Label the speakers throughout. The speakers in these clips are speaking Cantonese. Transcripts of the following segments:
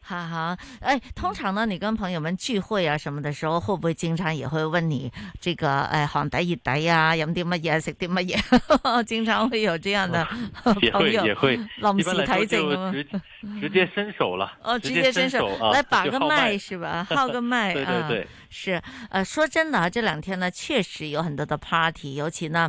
Speaker 1: 哈哈，哎，通常呢，你跟朋友們聚會啊什麼的時候，會不會經常也會問你這個哎，寒底熱底啊，飲啲乜嘢食啲乜嘢？ 經常會有這樣的朋友，也會臨時 直，直
Speaker 2: 接伸手了， 伸手 哦，直接伸手來把個脈 是吧？號個脈啊， 對對
Speaker 1: 對，啊、是呃，說真的啊，這兩天呢確實有很多的 party，尤其呢。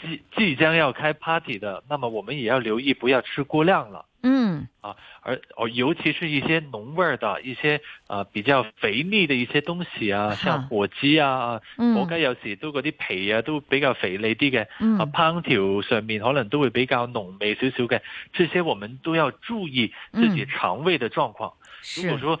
Speaker 2: 即即將要開 party 的，那麼我們也要留意，不要吃過量
Speaker 3: 了。
Speaker 2: 嗯，啊，而哦，尤其是一些濃味兒的，一些啊、呃、比較肥膩的一些東西啊，像火雞啊，嗯，火雞啊嗯、火雞有時都嗰啲皮啊都比較肥膩啲嘅、嗯，啊烹調上面可能都會比較濃味少少嘅，這些我們都要注意自己腸胃的狀況。嗯、如果說。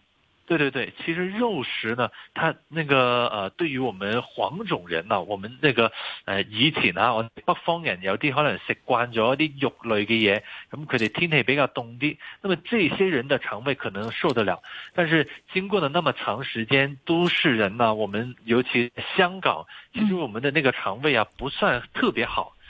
Speaker 2: 對對對，其實肉食呢，它那個呃，對於我們黃種人呢、啊，我們那個呃，以前呢，北方人有啲可能食慣咗啲肉類嘅嘢，咁佢哋天氣比較凍啲，那麼這些人的腸胃可能受得了，但是經過了那麼長時間，都市人呢、啊，我們尤其香港，其實我們的那個腸胃啊，不算特別好。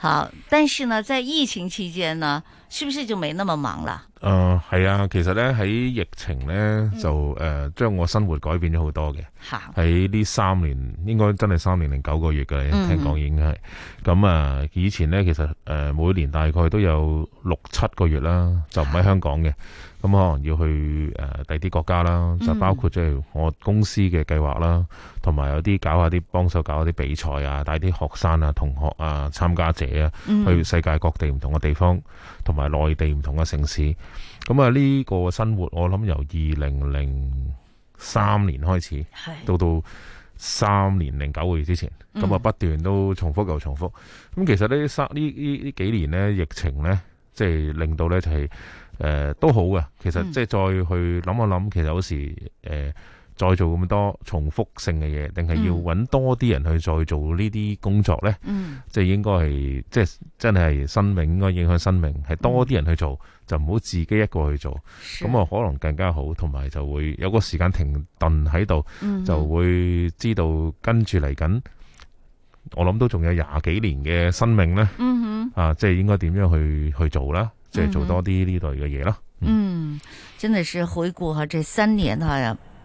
Speaker 1: 好，但是呢，在疫情期間呢，是不是就沒那麼忙啦？嗯、
Speaker 4: 呃，係啊，其實呢，喺疫情呢，就誒，將、呃、我生活改變咗好多嘅。吓喺呢三年，應該真係三年零九個月嘅，聽講已經係。咁、嗯嗯、啊，以前呢，其實誒，每年大概都有六七個月啦，就唔喺香港嘅。咁、嗯、可能要去誒第啲國家啦，就包括即係我公司嘅計劃啦。同埋有啲搞下啲幫手搞下啲比賽啊，帶啲學生啊、同學啊、參加者啊，去世界各地唔同嘅地方，同埋內地唔同嘅城市。咁啊，呢個生活我諗由二零零三年開始，到到三年零九個月之前，咁啊不斷都重複又重複。咁其實呢三呢呢幾幾年呢，疫情呢，即係令到呢，就係誒都好嘅。其實即係再去諗一諗，其實有時誒。呃再做咁多重複性嘅嘢，定係要搵多啲人去再做呢啲工作呢？即、嗯、係應該係，即、就、係、是、真係生命應該影響生命，係多啲人去做，嗯、就唔好自己一個去做，咁啊可能更加好，同埋就會有個時間停頓喺度，就會知道跟住嚟緊，我諗都仲有廿幾年嘅生命呢，嗯、啊，即、就、係、是、應該點樣去去做啦？即、就、係、是、做多啲呢類嘅嘢啦嗯。
Speaker 1: 嗯，真係是回顧下這三年啊。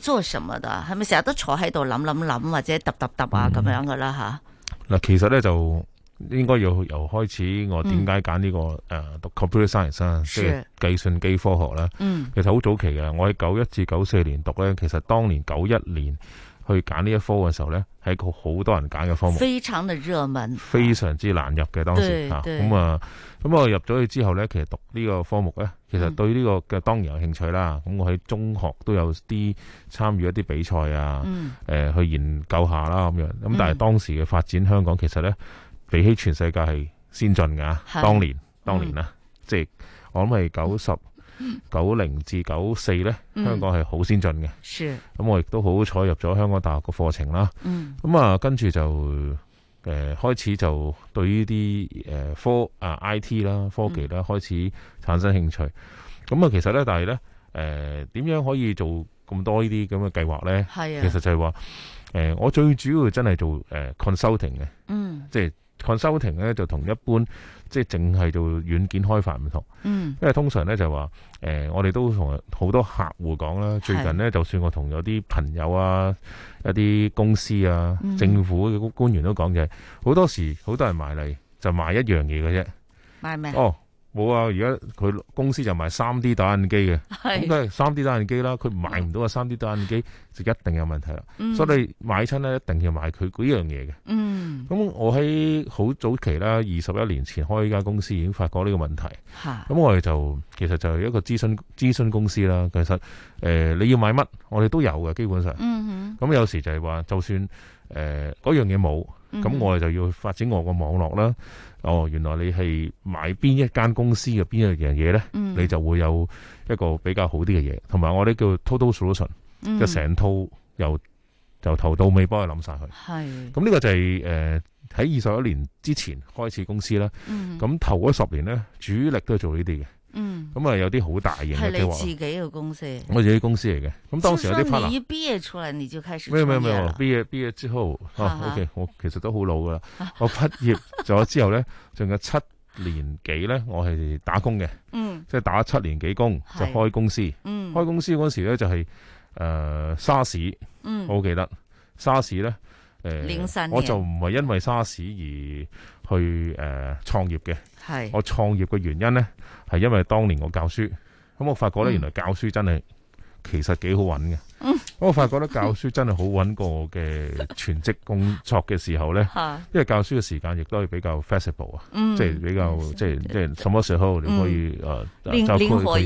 Speaker 1: 做什麼的是是想想想打打打啊？係咪成日都坐喺度諗諗諗或者揼揼揼啊，咁樣嘅啦嚇？
Speaker 4: 嗱，其實咧就應該要由開始我我，這個，我點解揀呢個誒讀 computer science 即係計算機科學咧，嗯？其實好早期嘅，我喺九一至九四年讀咧，其實當年九一年。去揀呢一科嘅時候咧，係個好多人揀嘅科目，非
Speaker 1: 常嘅熱門，
Speaker 4: 非常之難入嘅當時啊。咁、嗯、啊，咁我入咗去之後咧，其實讀呢個科目咧，其實對呢個嘅當然有興趣啦。咁我喺中學都有啲參與一啲比賽啊，誒，去研究下啦咁樣。咁但係當時嘅發展，香港其實咧比起全世界係先進嘅啊。當年，當年啊，即、嗯、係、就是、我諗係九十九零至九四咧，香港係好先進嘅。咁、嗯嗯、我亦都好彩入咗香港大學嘅課程啦。咁、嗯、啊、嗯，跟住就誒、呃、開始就對呢啲誒科啊 IT 啦科技啦，嗯、開始產生興趣。咁、嗯、啊，其實咧，但係咧，誒、呃、點樣可以做咁多這這呢啲咁嘅計劃咧？係啊，其實就係話，誒、呃、我最主要真係做誒、呃、consulting 嘅、嗯，即係。看收庭咧就同一般即係淨係做軟件開發唔同、嗯，因為通常咧就話誒、呃、我哋都同好多客戶講啦，最近咧就算我同有啲朋友啊、一啲公司啊、政府嘅官員都講嘅，好、嗯、多時好多人埋嚟就買一樣嘢嘅啫，
Speaker 3: 買咩？哦
Speaker 4: 冇啊！而家佢公司就賣三 D 打印機嘅，咁都係三 D 打印機啦。佢買唔到啊，三 D 打印機 就一定有問題啦、嗯。所以你買親咧，一定要買佢幾樣嘢嘅。咁、嗯、我喺好早期啦，二十一年前開呢間公司已經發覺呢個問題。咁、嗯、我哋就其實就係一個諮詢諮詢公司啦。其實誒、呃，你要買乜，我哋都有嘅，基本上。咁、嗯、有時就係話，就算誒嗰樣嘢冇。呃咁我哋就要發展我個網絡啦、嗯。哦，原來你係買邊一間公司嘅邊一樣嘢，咧，你就會有一個比較好啲嘅嘢。同埋我哋叫 total solution，、嗯、就成套由由頭到尾幫佢諗晒佢。
Speaker 5: 係。咁
Speaker 4: 呢個就係誒喺二十一年之前開始公司啦。咁、嗯、頭嗰十年咧，主力都係做呢啲嘅。嗯，咁啊，有啲好大型嘅計劃。係你自
Speaker 1: 己嘅公司，我自己公司嚟嘅。
Speaker 4: 咁當時有啲 partner，
Speaker 1: 畢業出來，你就開始咩咩咩，
Speaker 4: 畢業畢業之後、 啊、，o、okay, k 我其實都好老噶啦。我畢業咗之後咧，仲 有七年幾咧，我係打工嘅。嗯，即係打七年幾工就開公司。嗯、開公司嗰時咧就係、是、誒、呃、沙士、嗯。我記得沙士咧誒、呃，我就唔係因為沙士而去誒創、呃、業嘅。係我創業嘅原因咧。係因為當年我教書，咁我發覺咧，原來教書真係、嗯、其實幾好揾嘅、嗯。我發覺咧教書真係好揾過我嘅全職工作嘅時候咧、嗯，因為教書嘅時間亦都係比較 flexible 啊、嗯，即係比較、嗯、即係即係什麼時候你可以啊周圍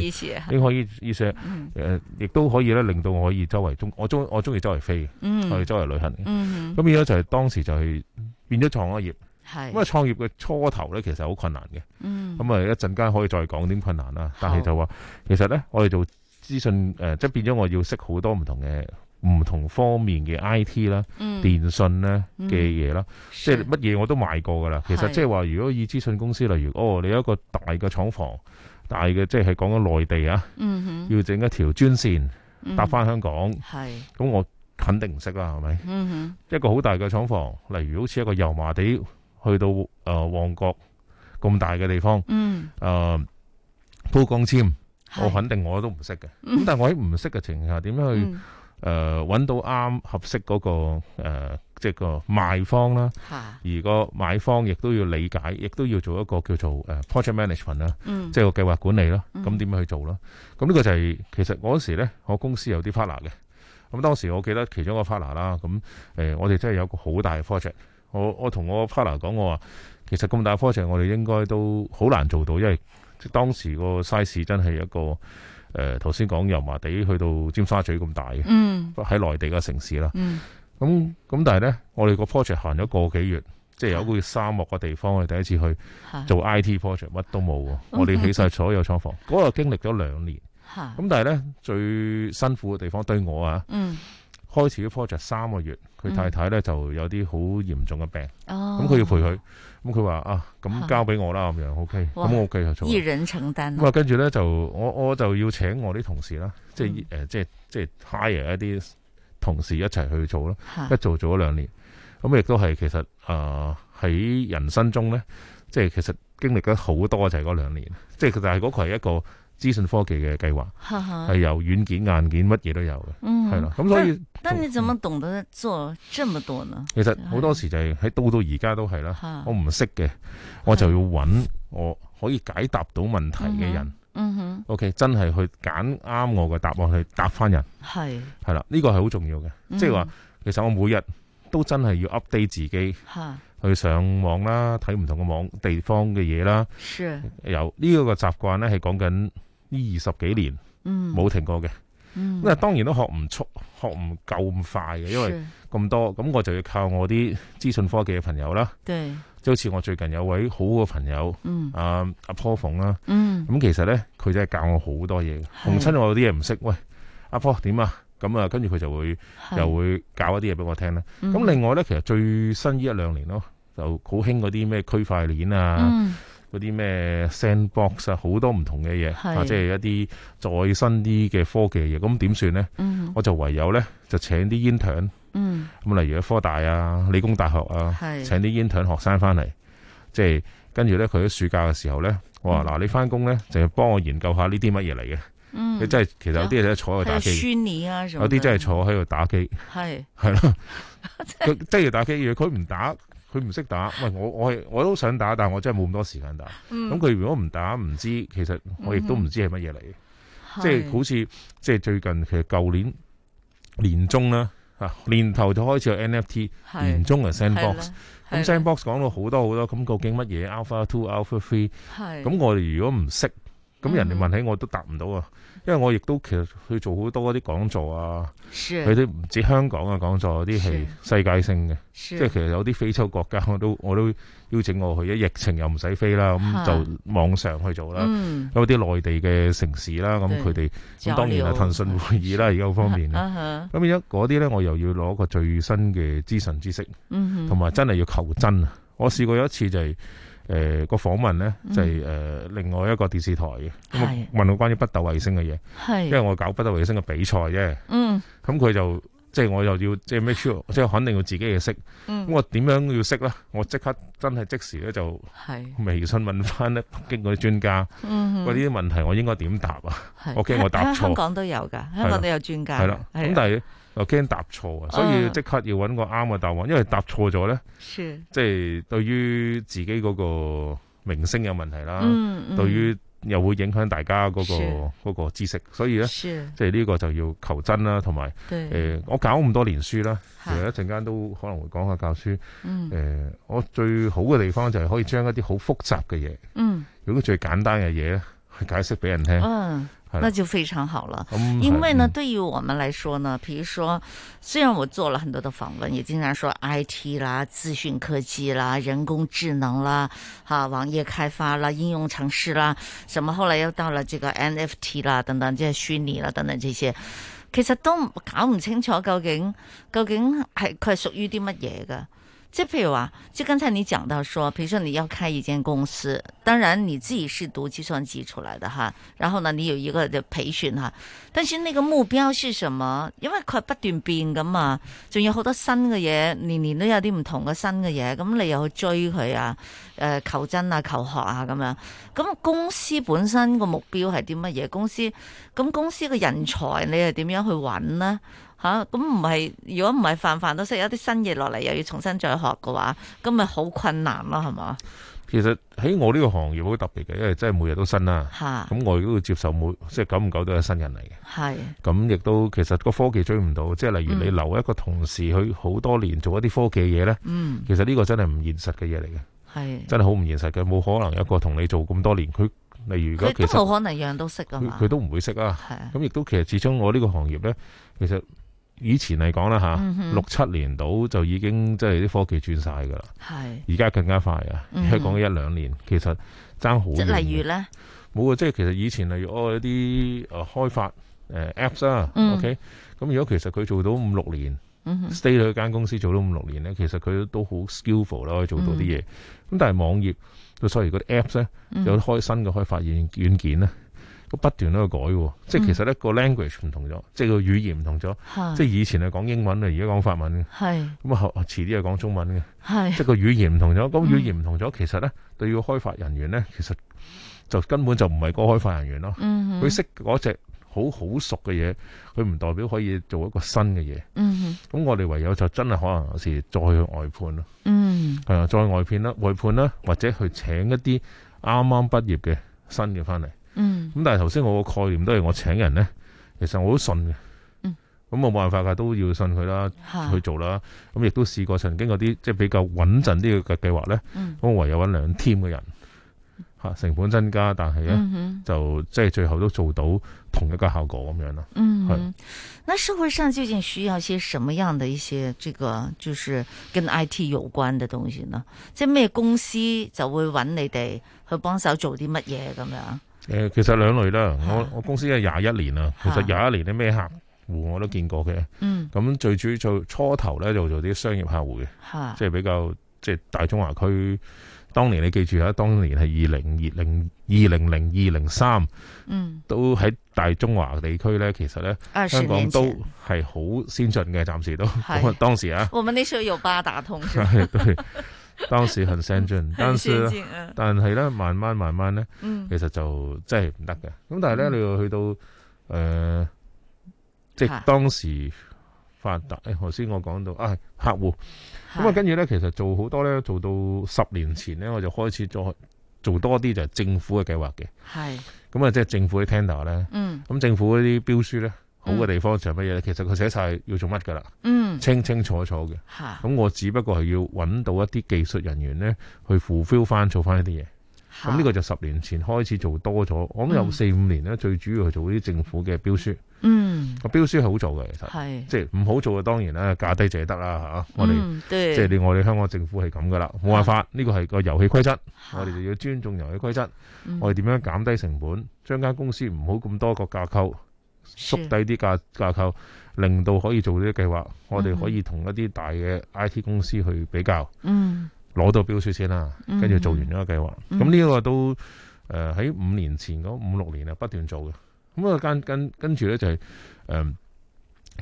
Speaker 4: 你可以意些誒，亦都、嗯、可以咧令到我可以周圍中，我中我中意周圍飛去、嗯、周圍旅行。咁變咗就係、是嗯、當時就係變咗創業。係咁啊！創業嘅初頭咧，其實好困難嘅。嗯，咁、嗯、啊，一陣間可以再講啲困難啦。但係就話其實咧，我哋做資訊即係、呃、變咗我要識好多唔同嘅唔同方面嘅 I T 啦、嗯、電信咧嘅嘢啦，嗯、啦即係乜嘢我都買過噶啦。其實即係話，如果以資訊公司例如哦，你有一個大嘅廠房，大嘅即係講緊內地啊，嗯、要整一條專線搭翻香港，咁、嗯、我肯定唔識啦，係、嗯、咪？一個好大嘅廠房，例如好似一個油麻地。去到誒旺角咁大嘅地方，誒、嗯啊、鋪光纖，我肯定我都唔識嘅。咁但係我喺唔識嘅情況下，點樣去誒揾到啱合適嗰、那個、呃、即係個賣方啦、啊。而個買方亦都要理解，亦都要做一個叫做誒 project management 啦、嗯，即係個計劃管理啦。咁、嗯、點樣去做啦？咁呢個就係、是、其實嗰時咧，我公司有啲 partner 嘅。咁當時我記得其中一個 partner 啦，咁誒，我哋真係有個好大嘅 project。我我同我 partner 講，我話其實咁大 project，我哋應該都好難做到，因為當時個 size 真係一個誒，頭先講油麻地去到尖沙咀咁大嘅，喺、嗯、內地嘅城市啦。咁、嗯、咁，但係咧，我哋個 project 行咗個幾月，嗯、即係有個似沙漠嘅地方，我哋第一次去做 IT project，乜都冇喎。我哋起晒所有廠房，嗰個經歷咗兩年。咁但係咧，最辛苦嘅地方對我啊。嗯開始啲 project 三個月，佢太太咧、嗯、就有啲好嚴重嘅病，咁、哦、佢要陪佢，咁佢話啊，咁交俾我啦咁樣，OK，咁 OK 就做。一人
Speaker 1: 承擔。咁啊，
Speaker 4: 跟住咧就我我就要請我啲同事啦，即係誒，即係即係 hire 一啲同事一齊去做囉，一做做咗兩年，咁、啊、亦都係其實啊喺、呃、人生中咧，即係其實經歷咗好多，就係嗰兩年，即係但係嗰個係一個。資訊科技嘅計劃係由軟件硬件乜嘢都有嘅，係啦咁所以。但
Speaker 1: 你怎麼懂得做這麼多呢？其實好多時
Speaker 4: 就係、是、喺到到而家都係啦， 我唔識嘅我就要揾我可以解答到問題嘅人。嗯哼。嗯、o、okay, K，真係去揀啱我嘅答案去答翻人。
Speaker 3: 係。
Speaker 4: 係啦，呢、這個係好重要嘅、嗯，即係話，其實我每日。都真係要 update 自己，去上網啦，睇唔同嘅網地方嘅嘢啦。有呢、這個習慣咧，係講緊呢二十幾年冇停過嘅。咁、嗯、啊，當然都學唔速學唔夠咁快嘅，因為咁多。咁我就要靠我啲資訊科技嘅朋友啦。即好似我最近有位好好嘅朋友，阿阿 po 馮啦。咁、啊啊嗯、其實咧，佢真係教我好多嘢，紅親我啲嘢唔識。喂，阿 po 點啊？咁啊，跟住佢就會又會搞一啲嘢俾我聽，咁、嗯、另外咧，其實最新呢一兩年咯，就好興嗰啲咩區塊鏈啊，嗰啲咩 sandbox 啊，好多唔同嘅嘢，即係一啲再新啲嘅科技嘅嘢。咁點算咧？我就唯有咧就請啲 intern 咁，例如科大啊、理工大學啊，請啲 intern 學生翻嚟，即、就、係、是、跟住咧佢喺暑假嘅時候咧，我話嗱、嗯啊、你翻工咧，就要幫我研究下呢啲乜嘢嚟嘅。佢真係，其實有啲嘢喺度坐喺度打機，是
Speaker 1: 啊、有啲真係
Speaker 4: 坐喺度打機，係係咯， 佢真係要打機嘢。佢唔打，佢唔識打。喂，我我係我都想打，但係我真係冇咁多時間打。咁、嗯、佢如果唔打，唔知其實我亦都唔知係乜嘢嚟。即、嗯、係、就是、好似即係最近其實舊年年中啦嚇，年頭就開始有 NFT，年中係 Sandbox 咁 Sandbox 講到好多好多，咁究竟乜嘢 Alpha Two、Alpha Three？咁，我哋如果唔識，咁人哋問起我都答唔到啊！因為我亦都其實去做好多嗰啲講座啊，
Speaker 3: 佢啲
Speaker 4: 唔止香港嘅講座，有啲係世界性嘅，即係其實有啲非洲國家我都我都邀請我去，一疫情又唔使飛啦，咁就網上去做啦、啊。有啲內地嘅城市啦，咁佢哋咁當然係騰訊會議啦，而家好方便。
Speaker 3: 咁
Speaker 4: 而家嗰啲咧，啊啊、我又要攞個最新嘅資訊知識，同、嗯、埋真係要求真啊！我試過有一次就係。誒、呃那個訪問咧就係、是、誒、呃、另外一個電視台嘅，我問我關於北斗衛星嘅嘢、啊啊，因為我搞北斗衛星嘅比賽啫。嗯，咁佢就即係、就是、我又要即係 make sure，即係肯定要自己嘅識。咁、嗯、我點樣要識咧？我即刻真係即時咧就微信問翻咧北京嗰啲專家，嗰啲、啊嗯、問題我應該點答啊？啊我驚我答錯。香港都有㗎，香港都有專家。係啦、啊，咁、啊啊啊、但係。又驚答錯啊！所以即刻要揾個啱嘅答案、啊，因為答錯咗咧，即係對於自己嗰個名聲嘅問題啦、嗯嗯，對於又會影響大家嗰、嗰個嗰個知識，所以咧，即係呢個就要求真啦，同埋、呃、我搞咁多年書啦，其實一陣間都可能會講下教書、嗯呃，我最好嘅地方就係可以將一啲好複雜嘅嘢、嗯，如果最簡單嘅嘢。解釋俾人聽，嗯、哦，那就
Speaker 1: 非常好了。嗯、因為呢、嗯，對於我們來說呢，譬如說，雖然我做了很多的訪問，也經常說 I T 啦、資訊科技啦、人工智能啦、哈、啊、網頁開發啦、應用程式啦，什麼後來又到了這個 N F T 啦等等，即係虛擬啦等等這些，其實都搞唔清楚究竟究竟係佢係屬於啲乜嘢噶。即係譬如話，就剛才你講到說，譬如說你要開一間公司，當然你自己是讀計算機出嚟嘅哈，然後呢，你有一個嘅培訓哈，但是你個目標是什麼？因為佢不斷變噶嘛，仲有好多新嘅嘢，年年都有啲唔同嘅新嘅嘢，咁你又去追佢啊，誒求真啊，求學啊咁樣，咁公司本身個目標係啲乜嘢？公司咁公司嘅人才你係點樣去搵呢？嚇咁唔係，如果唔係，飯飯都識，一啲新嘢落嚟又要重新再學嘅話，咁咪好困難咯，係嘛？
Speaker 4: 其實喺我呢個行業好特別嘅，因為真係每日都新啦、啊。咁我亦都會接受每，即係久唔久都係新人嚟嘅。
Speaker 3: 係。
Speaker 4: 咁亦都其實個科技追唔到，即係例如你留一個同事，去好多年做一啲科技嘢咧、嗯。其實呢個真係唔現實嘅嘢嚟嘅。係。真係好唔現實嘅，冇可，可能一個同你做咁多年，佢例如其佢都冇可能
Speaker 1: 樣都識㗎嘛。佢
Speaker 4: 都唔會識啊。係。咁亦都其實始終我呢個行業咧，其實以前嚟講啦吓，六、嗯、七年到就已經即係啲科技轉晒噶啦。
Speaker 1: 係，而
Speaker 4: 家更加快啊！你、嗯、講一兩年，其實爭好。即例如咧？冇啊！即係其實以前例如哦，一啲誒開發誒 apps 啊、嗯、，OK。咁如果其實佢做到五六年、嗯、，stay 喺間公司做到五六年咧，其實佢都好 skillful 啦，可以做到啲嘢。咁、嗯、但係網頁，所以嗰啲 apps 咧，有開新嘅開發軟軟件咧。嗯不斷都去改，即係其實咧個 language 唔同咗、嗯，即係個語言唔同咗。即係以前係講英文啊，而家講法文嘅。咁啊，遲啲係講中文嘅。即係個語言唔同咗。咁語言唔同咗，其實咧對於個開發人員咧，其實就根本就唔係個開發人員咯。佢識嗰隻好好熟嘅嘢，佢唔代表可以做一個新嘅嘢。咁、嗯、我哋唯有就真係可能有時再去外判咯，啊、嗯，再外判啦，外判啦，或者去請一啲啱啱畢業嘅新嘅翻嚟。嗯，咁但係頭先我個概念都係我請人咧，其實我都信嘅。嗯，咁我冇辦法噶，都要信佢啦，去做啦。咁亦都試過曾經嗰啲即係比較穩陣啲嘅計劃咧。嗯，咁我唯有搵兩 team 嘅人，吓成本增加，但係咧、嗯、就即係最後都做到同一個效果咁樣啦。嗯，
Speaker 1: 那社會上究竟需要一些什麼樣嘅、一些這個就是跟 IT 有關嘅東西呢？即係咩公司就會搵你哋去幫手做啲乜嘢咁樣？
Speaker 4: 誒、呃，其實兩類啦，我我公司係廿一年啦，其實廿一年啲咩客戶我都見過嘅。嗯，咁最主要最初做初頭咧，就做啲商業客戶嘅，即、嗯、係、就是、比較即係、就是、大中華區。當年你記住啊，當年係二零二零二零零二零三，嗯，都喺大中華地區咧，其實咧，香港都係好先進嘅，暫時都。當時啊。我
Speaker 1: 們那時候有八達通。 對。對
Speaker 4: 當時很先進，但是但係咧，慢慢慢慢咧，其實就真係唔得嘅。咁但係咧，你又去到誒、呃，
Speaker 6: 即係當
Speaker 4: 時發達咧。頭先我講到啊、哎，客戶咁啊，跟住咧，其實做好多咧，做到十年前咧，我就開始做做多啲就係政府嘅計劃嘅。係咁啊，即係政府嘅 tender 咧。嗯，咁政府嗰啲標書咧。好嘅地方就係乜嘢咧？其實佢寫晒要做乜噶啦，清清楚楚嘅。咁我只不過係要揾到一啲技術人員咧，去 fulfill 翻做翻呢啲嘢。咁呢個就十年前開始做多咗。我諗有四五年咧，嗯，最主要去做啲政府嘅標書。個、嗯、標書係好做嘅，其實即係唔好做嘅，當然啦，價低者得啦吓。我哋即係你我哋香港政府係咁噶啦，冇辦法。呢個係個遊戲規則，我哋就要尊重遊戲規則。我哋點樣減低成本，將、嗯、間公司唔好咁多個架構。縮低啲架架構，令到可以做呢啲計劃。我哋可以同一啲大嘅 IT 公司去比較，攞、嗯、到標書先啦、嗯呃。跟住做完咗個計劃，咁呢一個都誒喺五年前嗰五六年啊不斷做嘅。咁啊跟跟跟住咧就係、是、誒、呃、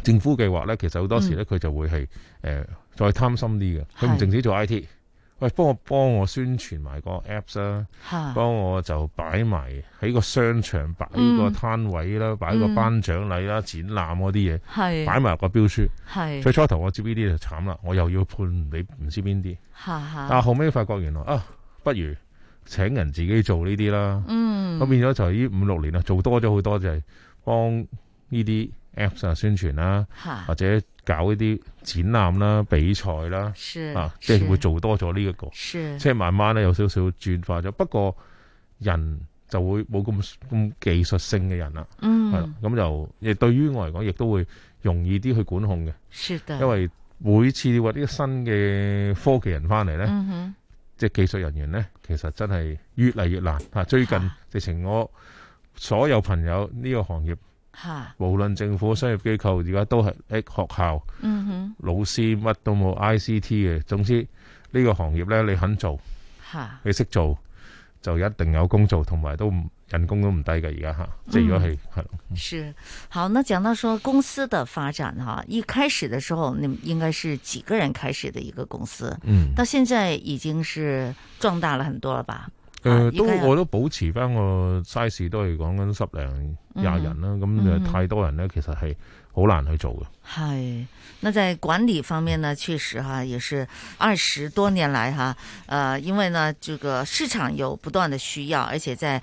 Speaker 4: 政府計劃咧，其實好多時咧佢就會係誒、呃、再貪心啲嘅，佢唔淨止做 IT。喂，幫我幫我宣傳埋個 Apps 啦，幫我就擺埋喺個商場擺個攤位啦、嗯嗯，擺個頒獎禮啦、展覽嗰啲嘢，擺埋個標書。最初頭我接呢啲就慘啦，我又要判你唔知邊啲。
Speaker 3: 但後
Speaker 4: 尾發覺原來啊，不如請人自己做呢啲啦。嗯。我變咗就係呢五六年啦，做多咗好多就係幫呢啲 Apps 啊宣傳啦、啊，或者搞呢啲。展覽啦、比賽啦，是是啊，即、就、係、是、會做多咗呢一個，是是即係慢慢咧有少少轉化咗。不過人就會冇咁咁技術性嘅人啦，係、嗯、啦，咁就亦對於我嚟講，亦都會容易啲去管控嘅。因為每次話啲新嘅科技人翻嚟咧，即係技術人員咧，其實真係越嚟越難。啊，最近直情、啊、我所有朋友呢個行業。吓，無論政府、商業機構而家都係喺學校，嗯
Speaker 3: 哼，
Speaker 4: 老師乜都冇 ICT 嘅，總之呢個行業咧，你肯做，吓，你識做就一定有工做，同埋都人工都唔低㗎而家吓，即係如果係係。
Speaker 1: 是好，那講到說公司的發展吓，一開始的時候，你應該是幾個人開始的一個公司，嗯，到現在已經是壯大了很多了吧？誒、啊呃啊，都我都
Speaker 4: 保持翻個 size 都係講緊十零廿人啦，咁、嗯、誒太多人咧，其實係好難去做嘅。
Speaker 1: 係、嗯，那在管理方面呢，確實哈，也是二十多年來哈，誒、呃，因為呢，這個市場有不斷的需要，而且在，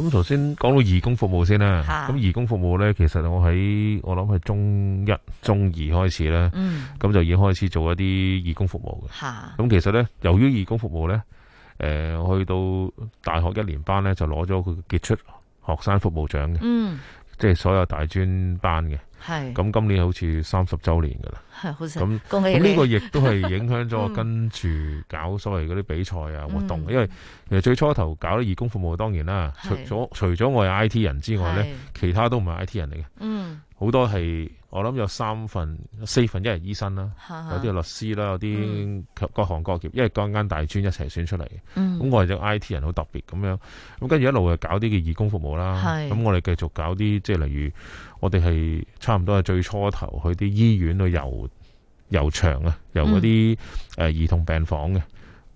Speaker 4: 咁頭先講到義工服務先啦，咁義工服務呢，其實我喺我諗係中一、中二開始啦，咁、嗯、就已經開始做一啲義工服務嘅。咁、嗯、其實呢，由於義工服務呢，我、呃、去到大學一年班呢，就攞咗佢傑出學生服務獎嘅、嗯，即係所有大專班嘅。係，咁今年好似三十周年噶啦，咁咁呢個亦都係影響咗，跟住搞所謂嗰啲比賽啊活動，因為其實最初頭搞啲義工服務當然啦，除咗除咗我係 IT 人之外咧，其他都唔係 IT 人嚟嘅，嗯、好多係。我諗有三份、四份，一係醫生啦，有啲係律師啦，有啲各行各業，因為嗰間大專一齊選出嚟嘅。咁、嗯、我哋就 I T 人好特別咁樣，咁跟住一路就搞啲嘅義工服務啦。咁我哋繼續搞啲即係例如，我哋係差唔多係最初頭去啲醫院去遊遊場啊，遊嗰啲誒兒童病房嘅，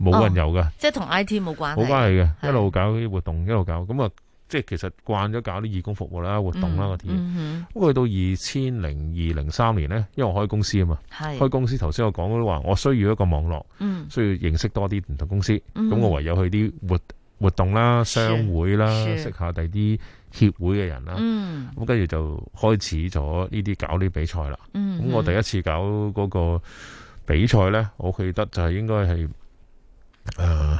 Speaker 4: 冇、嗯、人遊嘅、哦。即
Speaker 1: 係同 I T 冇關係。冇關
Speaker 4: 係嘅，一路搞啲活動，一路搞咁啊。即係其實慣咗搞啲義工服務啦、活動啦嗰啲，咁、嗯、去、嗯、到二千零二零三年呢，因為我開公司啊嘛，開公司頭先我講嗰啲話，我需要一個網絡，嗯、需要認識多啲唔同公司，咁、嗯、我唯有去啲活活動啦、商會啦，識下第啲協會嘅人啦，咁跟住就開始咗呢啲搞啲比賽啦。咁、嗯、我第一次搞嗰個比賽呢，我記得就係應該係誒。呃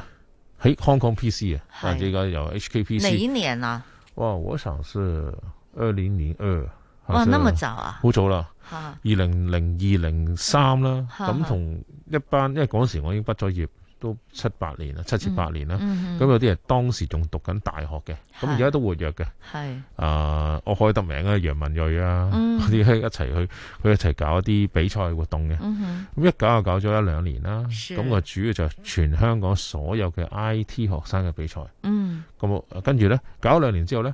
Speaker 4: 誒，香港 PC 啊的，呢個有 HKPC。哪一年啊？哇，我想是二零零二。哇，的那麼早啊？好早啦，二零零二零三啦，咁同一班，因為嗰陣時我已經畢咗業。都七八年啦，七七八年啦。咁、嗯嗯、有啲人當時仲讀緊大學嘅，咁而家都活躍嘅。係啊、呃，我開得名啊，楊文瑞啊，嗰、嗯、啲一齊去，佢一齊搞一啲比賽活動嘅。咁、嗯、一搞就搞咗一兩年啦。咁啊，那主要就係全香港所有嘅 I T 學生嘅比賽。嗯。咁跟住咧，搞咗兩年之後咧，誒、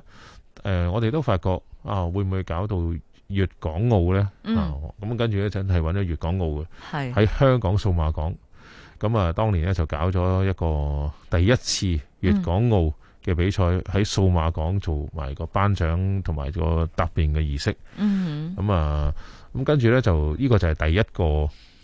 Speaker 4: 呃，我哋都發覺啊，會唔會搞到粵港澳咧？嗯。咁、啊、跟住咧，真係揾咗粵港澳嘅。係。喺香港數碼港。咁啊，當年咧就搞咗一個第一次粵港澳嘅比賽，喺、嗯、數碼港做埋個頒獎同埋個答辯嘅儀式。咁、嗯、啊，咁跟住咧就呢、這個就係第一個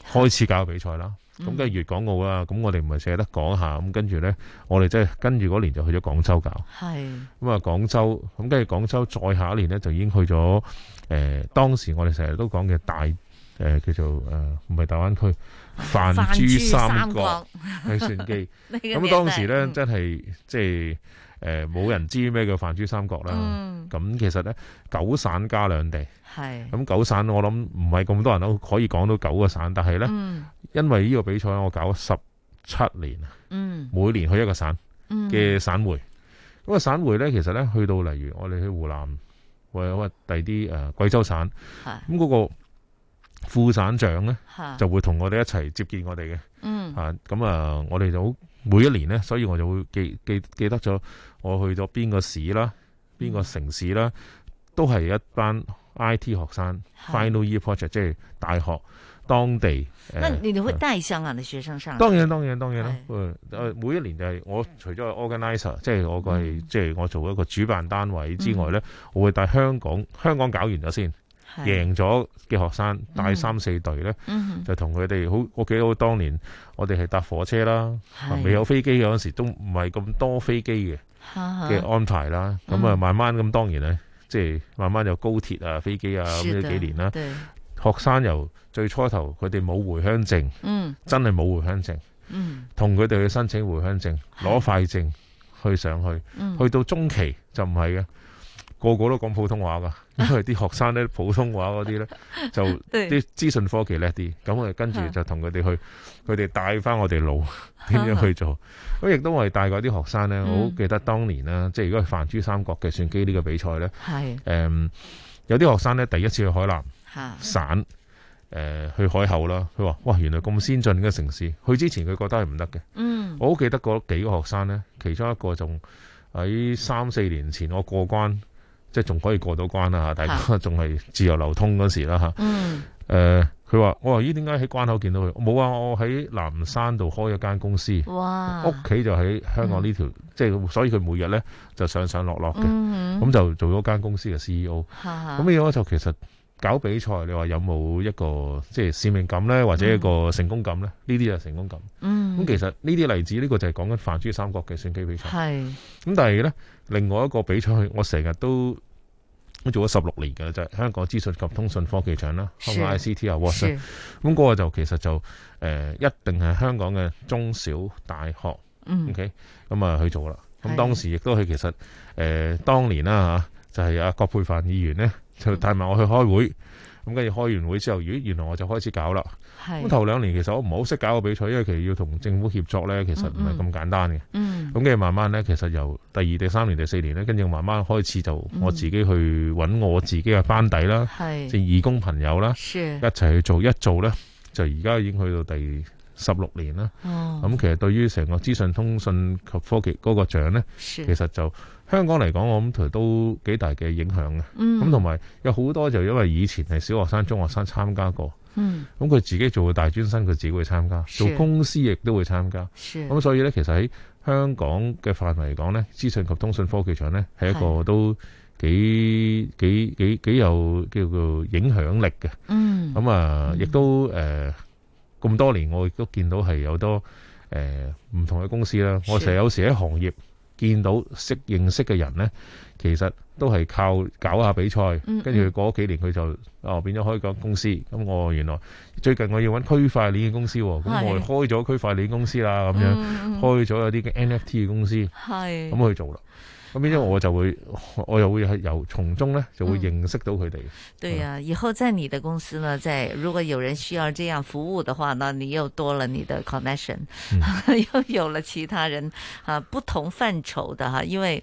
Speaker 4: 開始搞嘅比賽啦。咁跟住粵港澳啦，咁我哋唔係成日得講下。咁跟住咧，我哋即係跟住嗰年就去咗廣州搞。係。咁啊，廣州，咁跟住廣州，再下一年咧就已經去咗誒、呃、當時我哋成日都講嘅大誒、呃、叫做誒唔係大灣區。泛珠三角計算機，咁 當時咧、嗯、真係即係誒，冇、呃、人知咩叫泛珠三角啦。咁、嗯、其實咧，九省加兩地，咁九省我諗唔係咁多人都可以講到九個省，但係咧、嗯，因為呢個比賽我搞咗十七年啊、嗯，每年去一個省嘅省會，咁、嗯嗰個省會咧其實咧去到例如我哋去湖南或者或者第啲誒貴州省，咁嗰、嗰個。副省長咧就會同我哋一齊接見我哋嘅，咁、嗯、啊，啊，我哋就每一年咧，所以我就會記，記，記得咗我去咗邊個市啦，邊個城市啦，都係一班 IT 學生是 final year project 即係大學當地、嗯呃。那你會
Speaker 1: 帶香港嘅學生上？當然
Speaker 4: 當然當然啦，每一年就係我除咗 organizer 即係我即我做一個主辦單位之外咧、嗯，我會帶香港香港搞完咗先。贏咗嘅學生帶、嗯、三四隊呢，嗯、就同佢哋好，我記得好當年我哋係搭火車啦，未有飛機嗰時都唔係咁多飛機嘅嘅安排啦。咁啊，慢慢咁、嗯、當然呢，即係慢慢有高鐵啊、飛機啊咁樣幾年啦。學生由最初頭佢哋冇回鄉證，嗯、真係冇回鄉證，同佢哋去申請回鄉證，攞快證去上去，嗯、去到中期就唔係嘅。個個都講普通話噶，因為啲學生咧， 普通話嗰啲咧就啲 資訊科技叻啲，咁我哋跟住就同佢哋去，佢 哋帶翻我哋路點樣去做。咁亦都我哋帶過啲學生咧，我好記得當年啦、嗯，即係如果係泛珠三角嘅計算機呢個比賽咧、嗯，有啲學生咧第一次去海南 省、呃、去海口啦，佢話哇原來咁先進嘅城市，去之前佢覺得係唔得嘅。我好記得嗰幾個學生咧，其中一個仲喺三四年前我過關。即係仲可以過到關啦吓，大家仲係自由流通嗰時啦吓。嗯，誒、呃，佢話我話咦，點解喺關口見到佢？冇啊，我喺南山度開咗一間公司。哇！屋企就喺香港呢條、嗯，即係所以佢每日咧就上上落落嘅。咁、嗯、就做咗間公司嘅 CEO。咁樣就其實。搞比賽，你話有冇一個即係使命感咧，或者一個成功感咧？呢、嗯、啲就係成功感。嗯，咁其實呢啲例子，呢、呢個就係講緊泛珠三角嘅計算機比賽。係咁，但係咧，另外一個比賽，我成日都都做咗十六年嘅，就係、是、香港資訊及通訊科技獎啦，香港 ICT 啊，Award 咁嗰個就其實就誒、呃、一定係香港嘅中小大學。OK 咁啊去做啦。咁當時亦都係其實誒、呃、當年啦嚇、啊，就係、是、阿、啊、郭佩凡議員咧。就帶埋我去開會，咁跟住開完會之後，咦，原來我就開始搞啦。咁頭兩年其實我唔係好識搞個比賽，因為其實要同政府協作呢，其實唔係咁簡單嘅。咁跟住慢慢呢，其實由第二、第三年、第四年呢，跟住慢慢開始就我自己去揾我自己嘅班底啦，即、嗯、義、就是、義工朋友啦，一齊去做，一做呢，就而家已經去到第十六年啦。咁、哦、其實對於成個資訊通訊及科技嗰個獎呢，其實就。香港嚟講，我諗其實都幾大嘅影響嘅。咁同埋有好多就因為以前係小學生、嗯、中學生參加過。咁、嗯、佢自己做個大專生，佢自己會參加。做公司亦都會參加。咁所以咧，其實喺香港嘅範圍嚟講咧，資訊及通訊科技場咧係一個都幾幾幾幾有叫做影響力嘅。咁、嗯、啊，亦、嗯、都誒咁、呃、多年，我亦都見到係有多誒唔、呃、同嘅公司啦。我成日有時喺行業。見到識認識嘅人呢，其實都係靠搞下比賽，跟住過幾年佢就啊、哦、變咗開個公司。咁我原來最近我要揾區塊鏈嘅公司，咁我開咗區塊鏈公司啦，咁樣嗯嗯，開咗有啲 NFT 嘅公司，咁去做啦。咁呢啲我就會，我又會係由從中咧就會認識到佢哋、嗯。
Speaker 1: 對啊，以後在你的公司呢，在如果有人需要這樣服務的話，呢你又多了你的 connection、嗯、 又有了其他人啊不同範疇的哈，因為。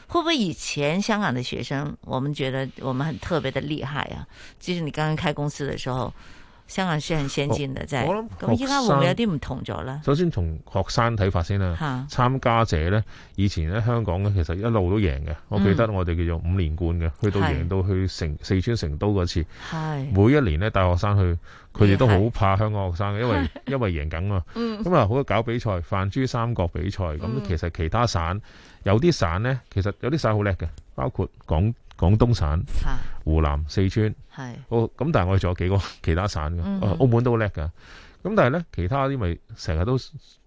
Speaker 1: 會唔會以前香港的學生，我們覺得我們很特別的厲害啊？即係你剛剛開公司的時候，香港是很先進的在，在咁依家會唔會有啲唔同咗呢？
Speaker 4: 首先從學生睇法先啦、啊，參加者呢，以前咧香港呢其實一路都贏嘅，我記得我哋叫做五連冠嘅，去到贏到去成四川成都嗰次，每一年呢，帶學生去，佢哋都好怕香港學生，因為因為贏緊嘛。咁啊好多搞比賽，泛珠三角比賽，咁、嗯嗯、其實其他省。有啲省咧，其實有啲省好叻嘅，包括廣廣東省、湖南、四川，係好咁。但係我哋仲有幾個其他省嘅，嗯嗯澳門都好叻㗎。咁但係咧，其他啲咪成日都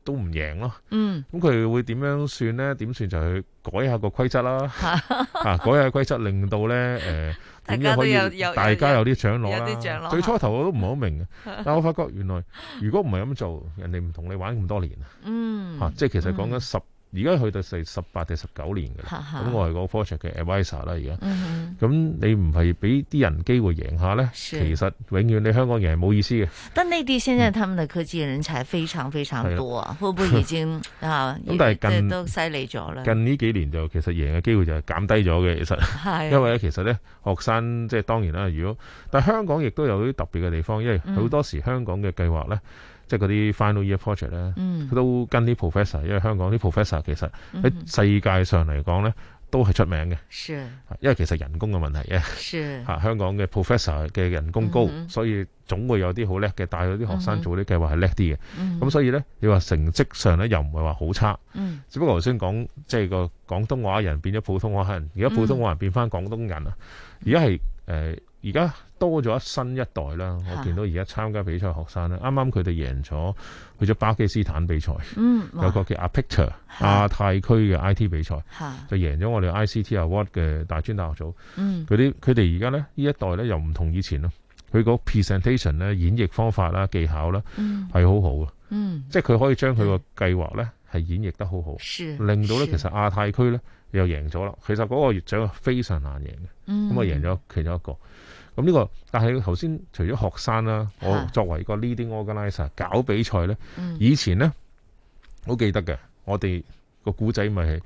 Speaker 4: 都唔贏咯。嗯，咁佢會點樣算咧？點算就去改下個規則啦。改下規則， 啊、規則令到咧誒、呃，大家都有大家有啲獎攞啦。最初頭我都唔係好明， 但係我發覺原來如果唔係咁做，人哋唔同你玩咁多年啊。嗯啊，即係其實講緊十。而家去到係十八定十九年嘅，咁、嗯、我係個 project 嘅 advisor 啦，而、嗯、家。咁你唔係俾啲人機會贏下咧？其實永遠你香港贏係冇意思嘅。
Speaker 1: 但內地現在，他們嘅科技人才非常非常多啊、嗯，會唔會已經 啊？咁、嗯、但係近都犀利咗啦。近
Speaker 4: 呢幾年就其實贏嘅機會就係減低咗嘅，其實。係。因為咧，其實咧，學生即係當然啦。如果但香港亦都有啲特別嘅地方，因為好多時香港嘅計劃咧。嗯即係嗰啲 final year project 咧，佢、嗯、都跟啲 professor，因為香港啲 professor 其實喺世界上嚟講咧都係出名嘅。因為其實人工嘅問題啊。係 香港嘅 professor 嘅人工高、嗯，所以總會有啲好叻嘅帶咗啲學生做啲計劃係叻啲嘅。咁、嗯、所以咧，你話成績上咧又唔係話好差、嗯。只不過頭先講即係個廣東話人變咗普通話人，而家普通話人變翻廣東人啊！而家係而家多咗新一代啦。我見到而家參加比賽學生咧，啱啱佢哋贏咗去咗巴基斯坦比賽，嗯、有個叫阿 Picture 亞太區嘅 I.T. 比賽，就贏咗我哋 I.C.T. Award 嘅大專大學組。佢哋而家咧呢一代咧又唔同以前咯。佢個 presentation 咧演繹方法啦，技巧啦，係好好嘅、嗯，即係佢可以將佢個計劃咧係演繹得好好，令到咧其實亞太區咧又贏咗啦。其實嗰個越獎非常難贏嘅，咁、嗯、啊贏咗其中一個。咁、這、呢個，但係頭先除咗學生啦、啊，我作為一個 leading organizer 搞比賽咧、啊嗯，以前咧好記得嘅，我哋個古仔咪係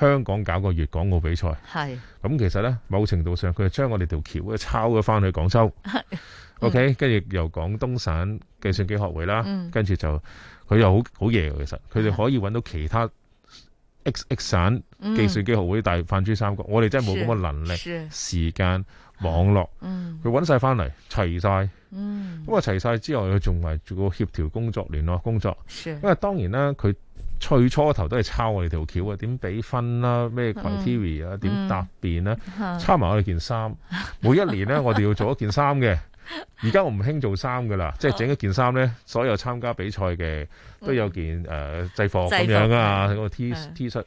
Speaker 4: 香港搞個粵港澳比賽，咁、嗯、其實咧某程度上佢就將我哋條橋抄咗翻去廣州、啊嗯、，OK，跟住由廣東省計算機學會啦，嗯、跟住就佢又好好嘢嘅，其實佢哋、嗯、可以揾到其他 X X 省計算機學會、嗯、但係泛珠三角，我哋真係冇咁嘅能力時間。網絡，佢揾晒翻嚟，齊晒。咁啊齊晒之後，佢仲係做個協調工作、聯絡工作。Sure. 因為當然啦，佢最初頭都係抄我哋條橋啊，點比分啦，咩 criteria 啊，點答辯咧，抄、嗯、埋我哋件衫。 每一年咧，我哋要做一件衫嘅。而 家我唔興做衫噶啦，oh. 即係整一件衫咧，所有參加比賽嘅都有件誒、嗯呃、制服咁樣啊，嗰個 T T 恤。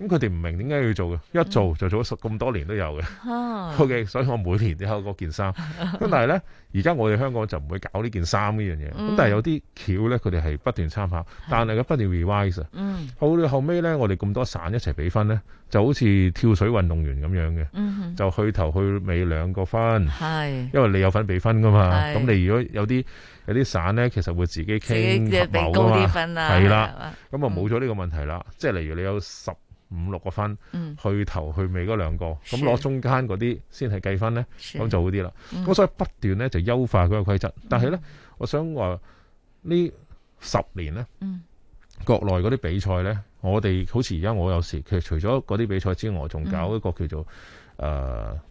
Speaker 4: 咁佢哋唔明點解要做嘅，一做就做咗十咁多年都有嘅、啊。O.K. 所以我每年都有嗰件衫。咁 但係咧，而家我哋香港就唔會搞件、嗯、呢件衫呢樣嘢。咁但係有啲橋咧，佢哋係不斷參考，但係佢不斷 revise 啊、嗯。好到後尾咧，我哋咁多省一齊俾分咧，就好似跳水運動員咁樣嘅、嗯，就去頭去尾兩個分。因為你有份俾分噶嘛，咁你如果有啲有啲省咧，其實會自己傾合謀啊。係啦。咁啊，冇咗呢個問題啦。即係例如你有十。五六個分、嗯、去頭去尾嗰兩個，咁攞中間嗰啲先係計分呢，咁就好啲啦。咁、嗯、所以不斷呢，就優化佢個規則，嗯、但係呢、嗯，我想話呢十年呢，嗯、國內嗰啲比賽呢，我哋好似而家我有時，其實除咗嗰啲比賽之外，仲搞一個叫做。嗯誒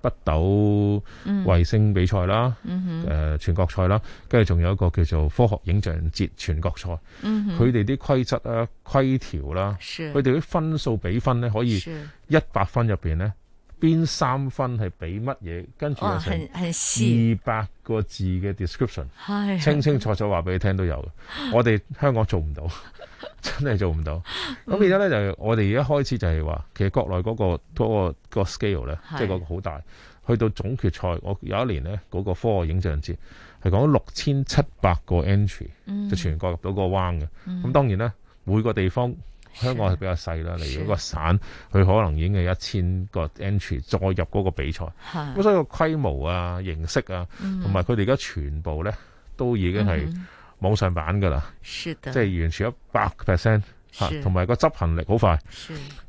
Speaker 4: 北斗衛星比賽啦，誒、嗯呃、全國賽啦，跟住仲有一個叫做科學影像節全國賽，佢哋啲規則啊、規條啦、啊，佢哋啲分數比分咧，可以一百分入面咧。邊三分係俾乜嘢？跟住有成四百個字嘅 description，是是清清楚楚話俾你聽都有嘅。我哋香港做唔到， 真係做唔到。咁而家咧就係、我哋而家開始就係話，其實國內嗰、嗰個嗰、嗰個、scale 咧，即、就、係、是、個好大。去到總決賽，我有一年咧嗰、嗰個科學影像節係講六千七百個 entry，就全國入到個彎嘅。咁、嗯嗯、當然啦，每個地方。香港係比較細啦，例如一個省，佢可能已經係一千個 entry 再入嗰個比賽，咁所以個規模啊、形式啊，同埋佢哋而家全部咧都已經係網上版㗎啦、嗯，即係完全一百 percent 嚇，同埋個執行力好快。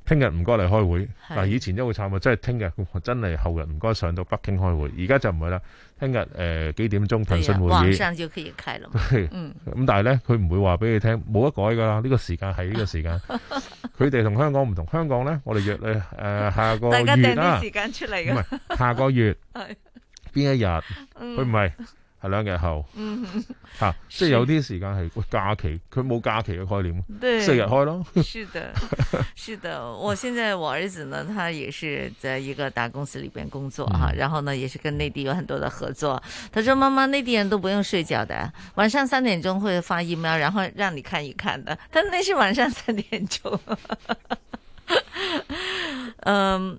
Speaker 4: 聽日唔該嚟開會嗱，但以前都係好慘啊，即係聽日真係後日唔該上到北京開會，而家就唔係啦。聽日誒幾點鐘騰訊會議？對啊，網上
Speaker 1: 就可以開了嘛。
Speaker 4: 對，嗯。咁但係咧，佢唔會話俾你聽，冇得改噶啦。呢個時間係呢個時間。佢哋同香港唔同，香港咧，我哋約你誒下個月啦。大家
Speaker 3: 訂啲時間出嚟。唔係，下
Speaker 4: 個月。係。邊一日？佢唔係。係兩日後，嚇、嗯啊，即係有啲時間係假期，佢冇假期嘅概念對，四日開咯。是的，
Speaker 1: 是的， 是的我現在我兒子呢，他也是在一個大公司裏邊工作啊、嗯，然後呢，也是跟內地有很多的合作。他說：媽媽，內地人都不用睡覺的，晚上三點鐘會發 email，然後讓你看一看的。但那是晚上三點鐘。 嗯。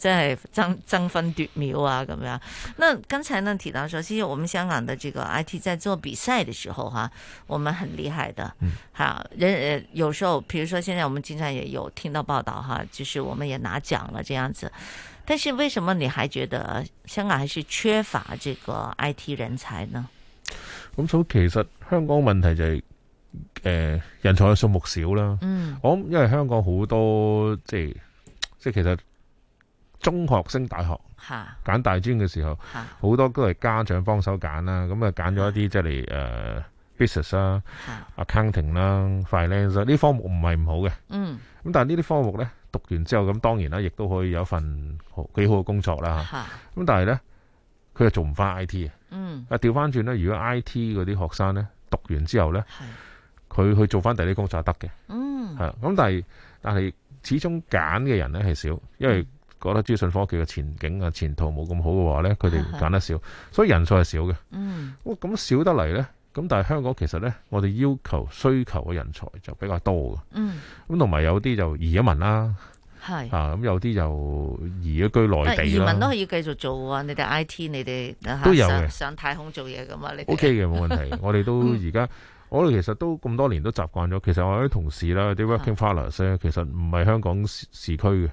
Speaker 1: 即係爭爭分奪秒啊，咁樣。那剛才呢提到說，其實我們香港的這個 I T 在做比賽的時候，哈，我們很厲害的。嗯、好人有時候，比如說現在我們經常也有聽到報道，哈，就是我們也拿獎了這樣子。但是為什麼你還覺得香港還是缺乏這個 I T 人才呢？
Speaker 4: 咁所以其實香港問題就係、是，誒、呃，人才嘅數目少啦。嗯，我因為香港好多即係即係其實。中學升大學揀大專嘅時候，好多都係家長幫手揀啦。咁啊揀咗一啲即係誒 business 啦、accounting 啦、finance 啦呢科目唔係唔好嘅，嗯，咁但係呢啲科目咧讀完之後，咁當然啦，亦都可以有一份好幾好嘅工作啦嚇。咁但係咧佢又做唔翻 I T 嘅、嗯。嗯啊，調翻轉咧，如果 I T 嗰啲學生咧讀完之後咧，佢去做翻第二啲工作得嘅，嗯，係咁但係但係始終揀嘅人咧係少，因為、嗯。覺得資訊科技嘅前景啊前途冇咁好嘅話咧，佢哋揀得少，所以人數係少嘅。
Speaker 5: 嗯，咁
Speaker 4: 少得嚟咧，咁但係香港其實咧，我哋要求需求嘅人才就比較多嘅。嗯，咁同埋有啲就移民、嗯、一民啦，係啊，咁有啲就移咗居內地。移民都可以
Speaker 1: 繼續做啊！你哋 I T，你哋都有上，上太空做嘢㗎嘛？你 O K 嘅冇問題， 我
Speaker 4: 哋都而家。我哋其實都咁多年都習慣咗，其實我啲同事啦啲 working partners 咧，其實唔係香港時區嘅。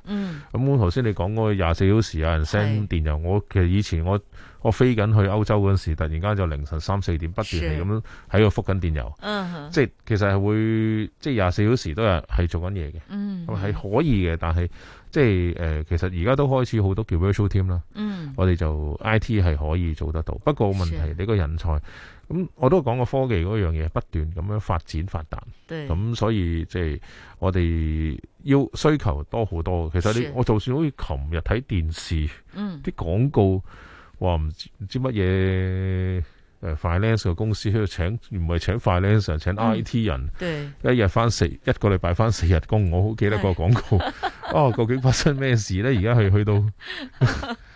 Speaker 4: 咁我頭先你講嗰個廿四小時有人 send 電郵，我其實以前我。我飛緊去歐洲嗰時，突然間就凌晨三四點，不斷係咁喺度覆緊電郵，即係其實係會即係廿四小時都係係做緊嘢嘅，
Speaker 5: 係、嗯、係可
Speaker 4: 以嘅。但係即係誒、呃，其實而家都開始好多叫 virtual team 啦、嗯，我哋就 I T 係可以做得到。不過問題你個人才，咁我都講過科技嗰樣嘢不斷咁樣發展發達、對，咁所以即係我哋要需求多好多。其實你我就算好似琴日睇電視，啲、嗯、廣告。話唔知唔知乜嘢誒 finance 嘅公司喺度請唔係請 finance 啊，請 IT 人，嗯、對，一日翻四一個禮拜翻四日工，我好記得個廣告。哦，究竟發生咩事咧？而 家去去到，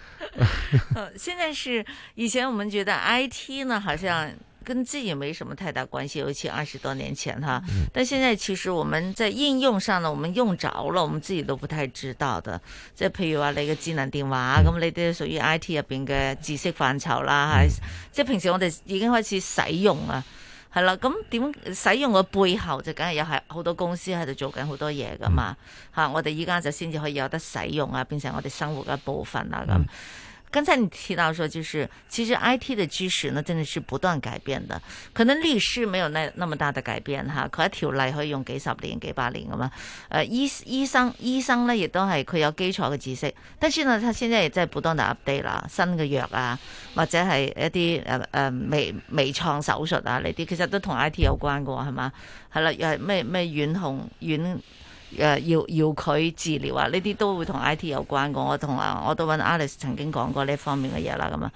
Speaker 1: 現在是以前我們覺得 IT 呢，好像。跟自己沒什麼太大關係，尤其二十多年前哈，但係現在其實我們在應用上呢，我們用着了，我們自己都不太知道的，即係譬如話、啊、你嘅智能電話咁，嗯、那你啲屬於 IT 入邊嘅知識範疇啦，係，即係平時我哋已經開始使用啊，係、嗯、啦，咁點使用嘅背後就梗係有係好多公司喺度做緊好多嘢噶嘛，吓、嗯，我哋依家就先至可以有得使用啊，變成我哋生活嘅一部分啦、啊、咁。嗯剛才你提到說，就是其實 I T 的知識呢，真的是不斷改變的。可能律師沒有那那麼大的改變吓，佢一條例可以用幾十年、幾百年咁嘛。誒、呃，醫醫生醫生咧，亦都係佢有基礎嘅知識。但係呢佢現在亦都係不斷 update 啦，新嘅藥啊，或者係一啲誒誒微微創手術啊呢啲，其實都同 I T 有關嘅喎，係嘛？係啦，又係咩咩遠紅遠。誒，要要佢治療啊！呢啲都會同 I T 有關嘅。我同啊，我都揾 Alice 曾經講過呢方面嘅嘢啦。咁啊，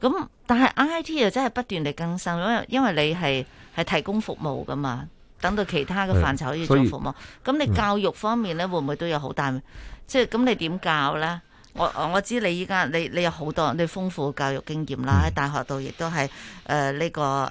Speaker 1: 咁但係 I T 又真係不斷地更新，因為你係係提供服務嘅嘛。等到其他嘅範疇可以做服務。咁你教育方面咧、嗯，會唔會都有好大？即係咁，你點教咧？我我知你依家你你有好多你，好多你豐富嘅教育經驗啦，喺大學度亦都係誒呢個誒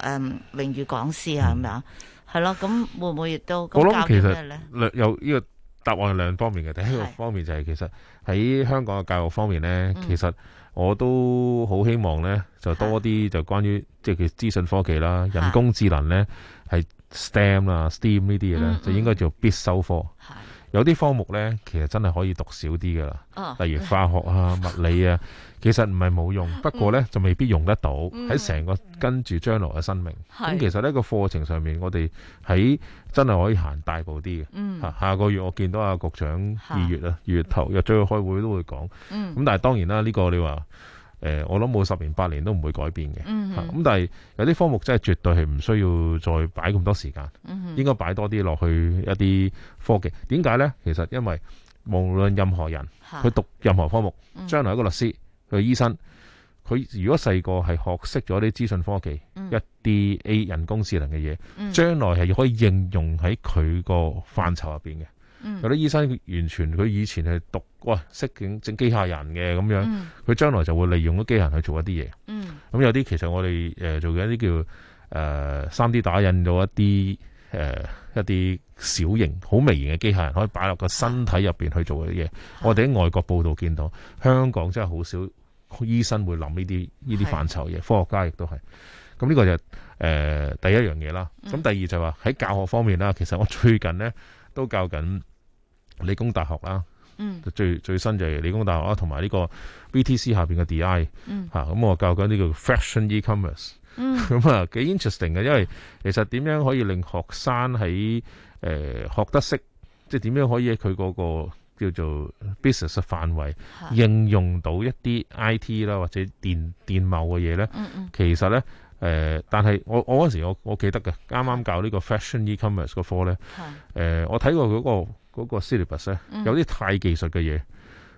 Speaker 1: 榮譽講師係咪啊？嗯是。係咯，咁會唔會亦都？我諗其
Speaker 4: 實有呢個答案係兩方面嘅。第一個方面就係其實喺香港嘅教育方面咧，其實我都好希望咧就多啲就關於即係叫資訊科技啦、人工智能咧係 STEM 啦、STEAM 這些、呢啲嘢咧就應該叫必修科。係有啲科目咧，其實真係可以讀少啲噶啦。例如化學啊、 物理啊。其實唔係冇用，不過呢就未必用得到喺成、嗯、個跟住將來嘅生命咁。嗯、其實呢、呢個課程上面，我哋喺真係可以行大步啲嘅。下、嗯、下個月我見到阿、啊、局長二月啊，月頭咗去、嗯、開會都會講咁、嗯。但係當然啦，呢、呢個你話、呃、我諗冇十年八年都唔會改變嘅。咁、嗯、但係有啲科目真係絕對係唔需要再擺咁多時間、嗯，應該擺多啲落去一啲科技。點解呢？其實因為無論任何人去讀任何科目，將來一個律師，個醫生，佢如果細個係學識咗啲資訊科技，嗯、一啲 A 人工智能嘅嘢、嗯，將來係可以應用喺佢個範疇入邊嘅。有啲醫生完全佢以前係讀，哇識整整機械人嘅咁樣，佢、嗯、將來就會利用咗機械人去做一啲嘢。咁、嗯、有啲其實我哋誒做緊一啲叫誒三 D 打印咗一啲誒、呃、一啲小型好微型嘅機械人，可以擺落個身體入邊去做嘅嘢、嗯。我哋喺外國報道見到，香港真係好少。醫生會諗呢啲呢啲範疇嘅科學家亦都係。咁呢個就是呃、第一樣嘢啦。咁、嗯、第二就話喺教學方面啦，其實我最近咧都教緊理工大學啦，嗯、最最新就係理工大學啦，同埋呢個 V.T.C. 下面嘅 D.I. 嚇、嗯。咁、啊、我教緊呢個 fashion e-commerce，咁、嗯、啊、嗯、 幾 interesting 嘅，因為其實點樣可以令學生喺、呃、學得識，即係點樣可以喺佢嗰個。叫做 business 範圍，應用到一啲 I.T. 啦或者電電貿嘅嘢咧，其實咧、呃、但係我我嗰時我我記得嘅，啱啱教呢個 fashion e-commerce 個科咧、呃，我睇過嗰、嗰個嗰個 syllabus 有啲太技術嘅嘢，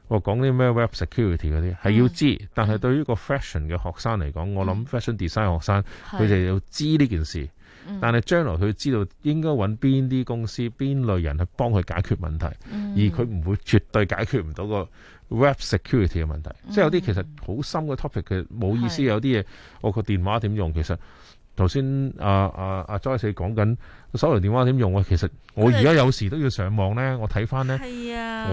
Speaker 4: 我講啲咩 web security 嗰啲係要知、嗯，但係對於個 fashion 嘅學生嚟講、嗯，我諗 fashion design 學生佢哋、嗯、要知呢件事。但係將來佢知道應該揾邊啲公司、邊類人去幫佢解決問題，嗯、而佢唔會絕對解決唔到個 web security 嘅問題。嗯、即係有啲其實好深嘅 topic 其實冇意思。有啲嘢我個電話點用，其實。頭先阿阿阿 Joyce 講緊手提電話點用啊，其實我而家有時都要上網咧、就是，我睇翻咧，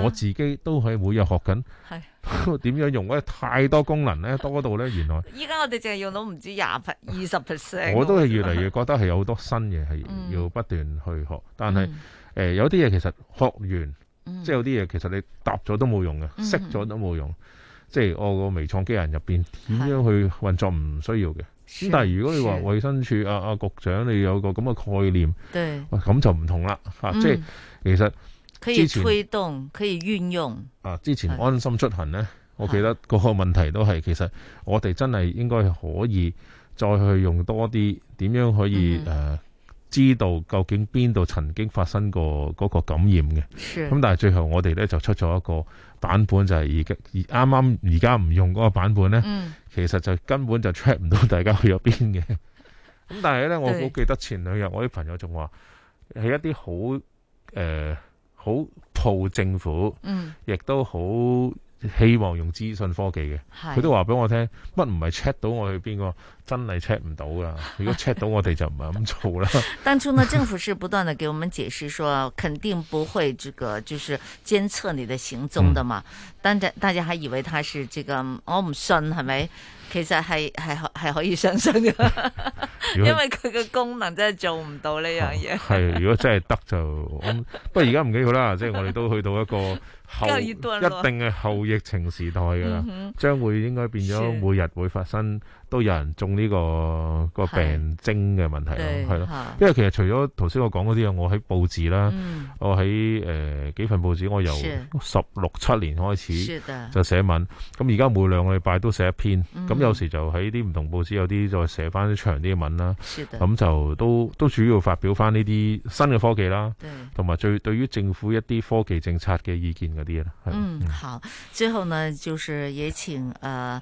Speaker 4: 我自己都係每日學緊，點樣 用咧？太多功能咧，多到咧，原來
Speaker 1: 依家我哋淨係用到唔知廿二十 percent。我都係
Speaker 4: 越嚟越覺得係有好多新嘢係要不斷去學，嗯、但係誒、嗯呃、有啲嘢其實學完，嗯、即係有啲嘢其實你答咗都冇用嘅、嗯，識咗都冇用，嗯、即係我個微創機器人入邊點樣去運作唔需要嘅。咁但係如果你話衛生署阿阿、啊啊、局長你有個咁嘅概念，咁、啊、就唔同啦吓，即、嗯、係、啊、其實可以推
Speaker 1: 動，可以運用
Speaker 4: 啊，之前安心出行咧，我記得嗰個問題都係，其實我哋真係應該可以再去用多啲點樣可以誒、嗯啊、知道究竟邊度曾經發生過嗰個感染嘅，咁、啊、但係最後我哋咧就出咗一個版本就係而家而啱啱而家唔用嗰個版本咧。嗯其實就根本就 track 唔到大家去咗邊嘅，咁但係咧，我好記得前兩日我啲朋友仲話係一啲好誒好抱政府，亦、嗯、都好，希望用資訊科技嘅，佢都話俾我聽，乜唔係 check 到我去邊個？真係 check 唔到㗎。如果 check 到我哋就唔係咁做啦。
Speaker 1: 當初呢，政府是不斷地給我們解釋說，說肯定不會這個就是監測你嘅行蹤的嘛，嗯。但大家還以為他是這個，我唔信係咪？是其實係係係可以相信嘅，
Speaker 4: 因為
Speaker 1: 佢嘅功能真係做唔到呢樣嘢。
Speaker 4: 係、 啊，如果真係得就，不過而家唔記得啦。 即係我哋都去到一個後一定嘅後疫情時代㗎啦、 嗯，將會應該變咗每日會發生。都有人中呢、這個、那個病徵嘅問題咯，係咯，因為其實除咗頭先我講嗰啲我喺報紙啦，我喺誒、嗯呃、幾份報紙，我由十六七年開始就寫文，咁而家每兩個禮拜都寫一篇，咁、嗯、有時就喺啲唔同報紙有啲就寫翻啲長啲嘅文啦，咁就都都主要發表翻呢啲新嘅科技啦，同埋最對於政府一啲科技政策嘅意見嗰啲啦。
Speaker 1: 嗯，好，最後呢，就是也請誒。呃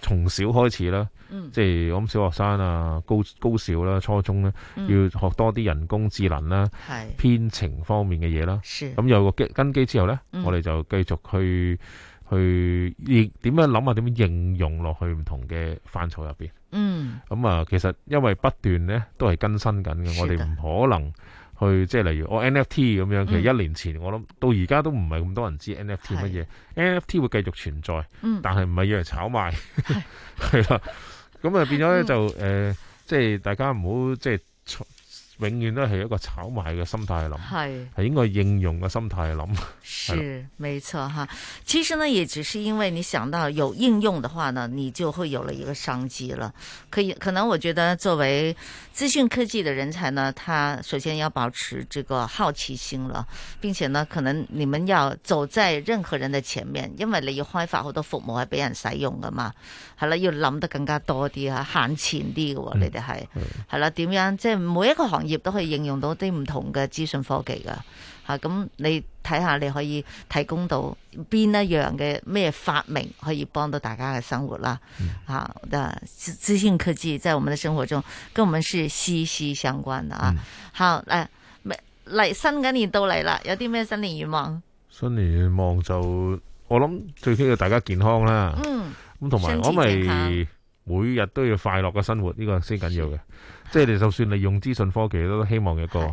Speaker 4: 從小開始啦，即係我諗小學生啊、高高小啦、初中咧，要學多啲人工智能啦、編程方面嘅嘢啦。咁有個基根基之後咧，我哋就繼續去去亦點樣諗下，點樣應用落去唔同嘅範疇入邊？咁、嗯、啊，其實因為不斷咧都係更新緊嘅，我哋唔可能。去即係例如我 NFT 咁樣，其實一年前我諗到而家都唔係咁多人知 NFT 乜嘢，NFT 會繼續存在，但係唔係要嚟炒賣係啦，咁啊 變咗咧就誒，即、呃、係大家唔好即係。呃永遠都係一個炒賣嘅心態去諗，係係應該應用嘅心態去諗。是，是
Speaker 1: 沒錯哈。其實呢，也只是因為你想到有應用嘅話呢，你就會有了一個商機了。可以，可能我覺得作為資訊科技嘅人才呢，他首先要保持這個好奇心啦。並且呢，可能你們要走在任何人的前面，因為你要開發好多服務係俾人使用㗎嘛。係啦，要諗得更加多啲嚇，向前啲嘅喎。你哋係係啦，點、嗯、樣即係每一個行業。亦都可以應用到啲唔同嘅資訊科技噶吓，咁你睇下你可以提供到邊一樣嘅咩發明可以幫到大家嘅生活啦、嗯。好，但資訊科技在我們嘅生活中跟我們是息息相關的啊、嗯。好，嚟嚟新嘅年到嚟啦，有啲咩新年願望？
Speaker 4: 新年願望就我諗最緊要大家健康啦。嗯。咁同埋我咪。每日都要快樂嘅生活，呢、這個先緊要嘅。即係你就算利用資訊科技，都希望一個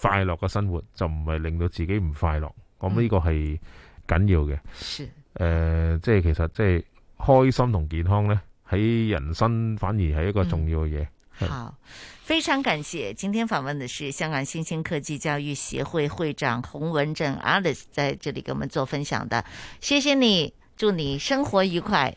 Speaker 4: 快樂嘅生活，就唔係令到自己唔快樂。咁、嗯、呢、這個係緊要嘅。誒，即、呃、係其實即係開心同健康咧，喺人生反而係一個重要嘅嘢、嗯。好，
Speaker 1: 非常感謝，今天訪問的是香港新興科技教育協會會長洪文正 Alice 在這裏給我們做分享的，謝謝你，祝你生活愉快。嗯